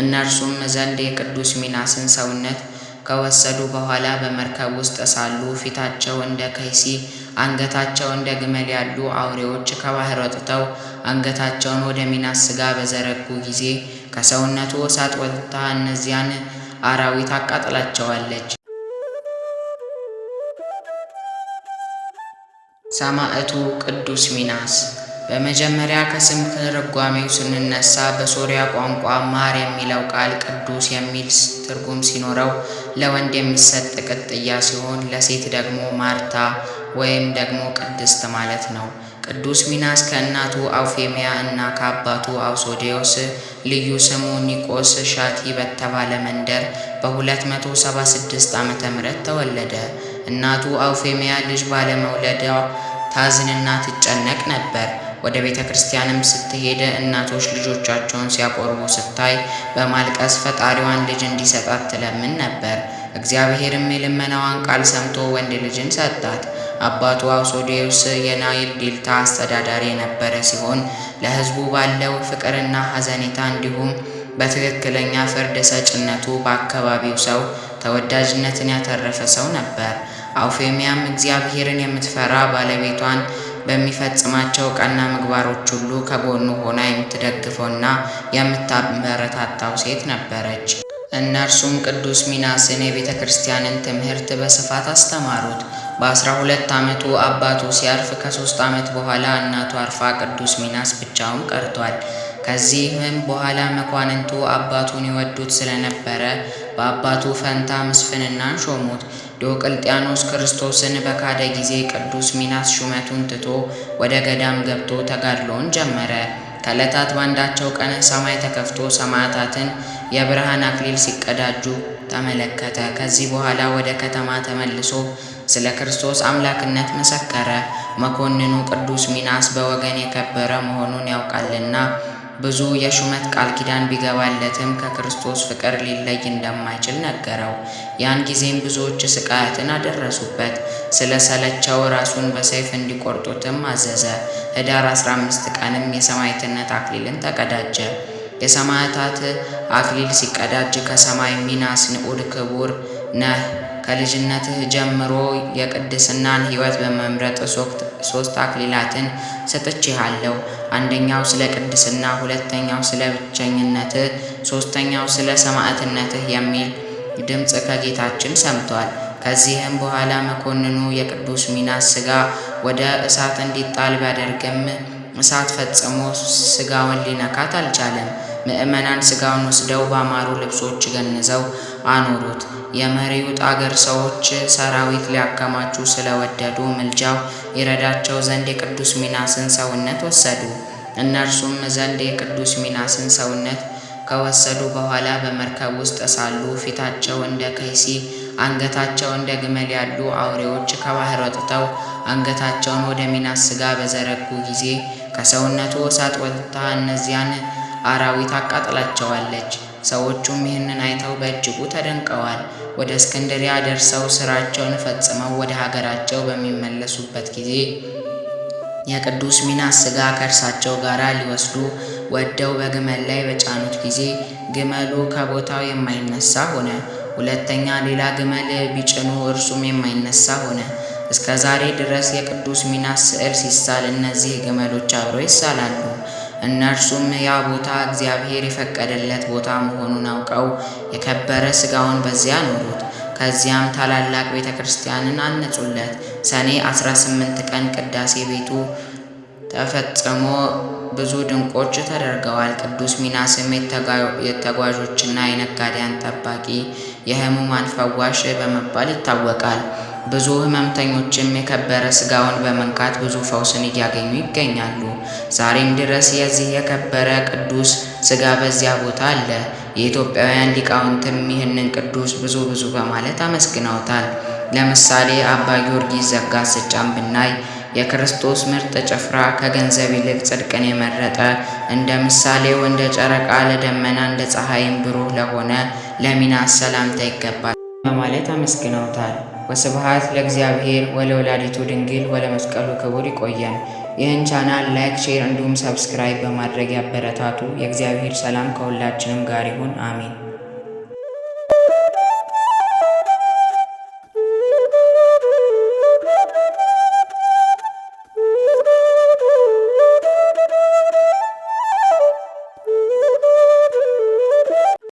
እነርሱም ዘንድ የቅዱስ ሚናስን ሰውነት ከወሰዱ በኋላ በመርከብ ውስጥ ሳሉ ፊታቸው እንደ ከይሲ አንገታቸው እንደ ግመል ያሉ አውሬዎች ከባህር ወጥተው አንገታቸውን ወደ ሚናስ ስጋ በዘረጉ ጊዜ ከሰውነቱ እሳት ወጥታ እነዚያን አራዊት አቃጥላቸዋለች። ሰማዕቱ ቅዱስ ሚናስ በመጀመሪያ ከስም ትርጓሜው ስንነሳ በሶሪያ ቋንቋ ማር የሚለው ቃል ቅዱስ የሚል ትርጉም ሲኖረው ለወንድ የሚሰጥ ቅጥያ ሲሆን ለሴት ደግሞ ማርታ ወይም ደግሞ ቅድስት ማለት ነው። ቅዱስ ሚናስ ከእናቱ አውፌሚያ እና ከአባቱ አውሶዴዎስ ልዩ ስሙ ኒቆስ ሻቲ በተባለ መንደር በ276 ዓ ም ተወለደ። እናቱ አውፌሚያ ልጅ ባለመውለዷ ታዝንና ትጨነቅ ነበር። ወደ ቤተ ክርስቲያንም ስትሄድ እናቶች ልጆቻቸውን ሲያቆርቡ ስታይ በማልቀስ ፈጣሪዋን ልጅ እንዲሰጣት ትለምን ነበር። እግዚአብሔርም የልመናዋን ቃል ሰምቶ ወንድ ልጅን ሰጣት። አባቱ አውሶዴውስ የናይል ዴልታ አስተዳዳሪ የነበረ ሲሆን ለሕዝቡ ባለው ፍቅርና ሐዘኔታ እንዲሁም በትክክለኛ ፍርድ ሰጭነቱ በአካባቢው ሰው ተወዳጅነትን ያተረፈ ሰው ነበር። አውፌሚያም እግዚአብሔርን የምትፈራ ባለቤቷን በሚፈጽማቸው ቀና ምግባሮች ሁሉ ከጎኑ ሆና የምትደግፈውና የምታበረታታው ሴት ነበረች። እነርሱም ቅዱስ ሚናስን የቤተ ክርስቲያንን ትምህርት በስፋት አስተማሩት። በ ሁለት ዓመቱ አባቱ ሲያርፍ ከሶስት ዓመት በኋላ እናቱ አርፋ ቅዱስ ሚናስ ብቻውን ቀርቷል። ከዚህም በኋላ መኳንንቱ አባቱን ይወዱት ስለነበረ በአባቱ ፈንታ ምስፍንናን ሾሙት። ዲዮቅልጥያኖስ ክርስቶስን በካደ ጊዜ ቅዱስ ሚናስ ሹመቱን ትቶ ወደ ገዳም ገብቶ ተጋድሎውን ጀመረ። ከዕለታት ባንዳቸው ቀን ሰማይ ተከፍቶ ሰማዕታትን የብርሃን አክሊል ሲቀዳጁ ተመለከተ። ከዚህ በኋላ ወደ ከተማ ተመልሶ ስለ ክርስቶስ አምላክነት መሰከረ። መኮንኑ ቅዱስ ሚናስ በወገን የከበረ መሆኑን ያውቃልና ብዙ የሹመት ቃል ኪዳን ቢገባለትም ከክርስቶስ ፍቅር ሊለይ እንደማይችል ነገረው። ያን ጊዜም ብዙዎች ስቃያትን አደረሱበት። ስለ ሰለቸው ራሱን በሰይፍ እንዲቆርጡትም አዘዘ። ህዳር 15 ቀንም የሰማዕትነት አክሊልን ተቀዳጀ። የሰማዕታት አክሊል ሲቀዳጅ ከሰማይ ሚናስ ንዑድ ክቡር ነህ ከልጅነትህ ጀምሮ የቅድስናን ሕይወት በመምረጥ ሶስት አክሊላትን ሰጥቼሃለሁ። አንደኛው ስለ ቅድስና፣ ሁለተኛው ስለ ብቸኝነትህ፣ ሶስተኛው ስለ ሰማዕትነትህ የሚል ድምፅ ከጌታችን ሰምቷል። ከዚህም በኋላ መኮንኑ የቅዱስ ሚናስ ስጋ ወደ እሳት እንዲጣል ቢያደርግም እሳት ፈጽሞ ስጋውን ሊነካት አልቻለም። ምዕመናን ስጋውን ወስደው ባማሩ ልብሶች ገንዘው አኖሩት። የመሪውጥ አገር ሰዎች ሰራዊት ሊያከማቹ ስለወደዱ ምልጃው ይረዳቸው ዘንድ የቅዱስ ሚናስን ሰውነት ወሰዱ። እነርሱም ዘንድ የቅዱስ ሚናስን ሰውነት ከወሰዱ በኋላ በመርከብ ውስጥ ሳሉ ፊታቸው እንደ ከይሲ አንገታቸው እንደ ግመል ያሉ አውሬዎች ከባህር ወጥተው አንገታቸውን ወደ ሚናስ ስጋ በዘረጉ ጊዜ ከሰውነቱ እሳት ወጥታ እነዚያን አራዊት አቃጥላቸዋለች። ሰዎቹም ይህንን አይተው በእጅጉ ተደንቀዋል። ወደ እስክንድሪያ ደርሰው ስራቸውን ፈጽመው ወደ ሀገራቸው በሚመለሱበት ጊዜ የቅዱስ ሚናስ ስጋ ከእርሳቸው ጋር ሊወስዱ ወደው በግመል ላይ በጫኑት ጊዜ ግመሉ ከቦታው የማይነሳ ሆነ። ሁለተኛ ሌላ ግመል ቢጭኑ እርሱም የማይነሳ ሆነ። እስከ ዛሬ ድረስ የቅዱስ ሚናስ ስዕል ሲሳል እነዚህ ግመሎች አብረው ይሳላሉ። እነርሱም ያ ቦታ እግዚአብሔር የፈቀደለት ቦታ መሆኑን አውቀው የከበረ ሥጋውን በዚያ ኖሩት። ከዚያም ታላላቅ ቤተ ክርስቲያንን አነጹለት። ሰኔ 18 ቀን ቅዳሴ ቤቱ ተፈጽሞ ብዙ ድንቆች ተደርገዋል። ቅዱስ ሚናስም የተጓዦችና የነጋዴያን ጠባቂ፣ የሕሙማን ፈዋሽ በመባል ይታወቃል። ብዙ ህመምተኞችም የከበረ ስጋውን በመንካት ብዙ ፈውስን እያገኙ ይገኛሉ። ዛሬም ድረስ የዚህ የከበረ ቅዱስ ስጋ በዚያ ቦታ አለ። የኢትዮጵያውያን ሊቃውንትም ይህንን ቅዱስ ብዙ ብዙ በማለት አመስግነውታል። ለምሳሌ አባ ጊዮርጊስ ዘጋስጫን ብናይ የክርስቶስ ምርጥ ጭፍራ ከገንዘብ ይልቅ ጽድቅን የመረጠ እንደ ምሳሌው እንደ ጨረቃ ለደመና እንደ ፀሐይም ብሩህ ለሆነ ለሚናስ ሰላምታ ይገባል በማለት አመስግነውታል። ወስብሃት ለእግዚአብሔር ወለወላዲቱ ድንግል ወለመስቀሉ ክቡር ይቆያል። ይህን ቻናል ላይክ፣ ሼር እንዲሁም ሰብስክራይብ በማድረግ ያበረታቱ። የእግዚአብሔር ሰላም ከሁላችንም ጋር ይሁን። አሜን።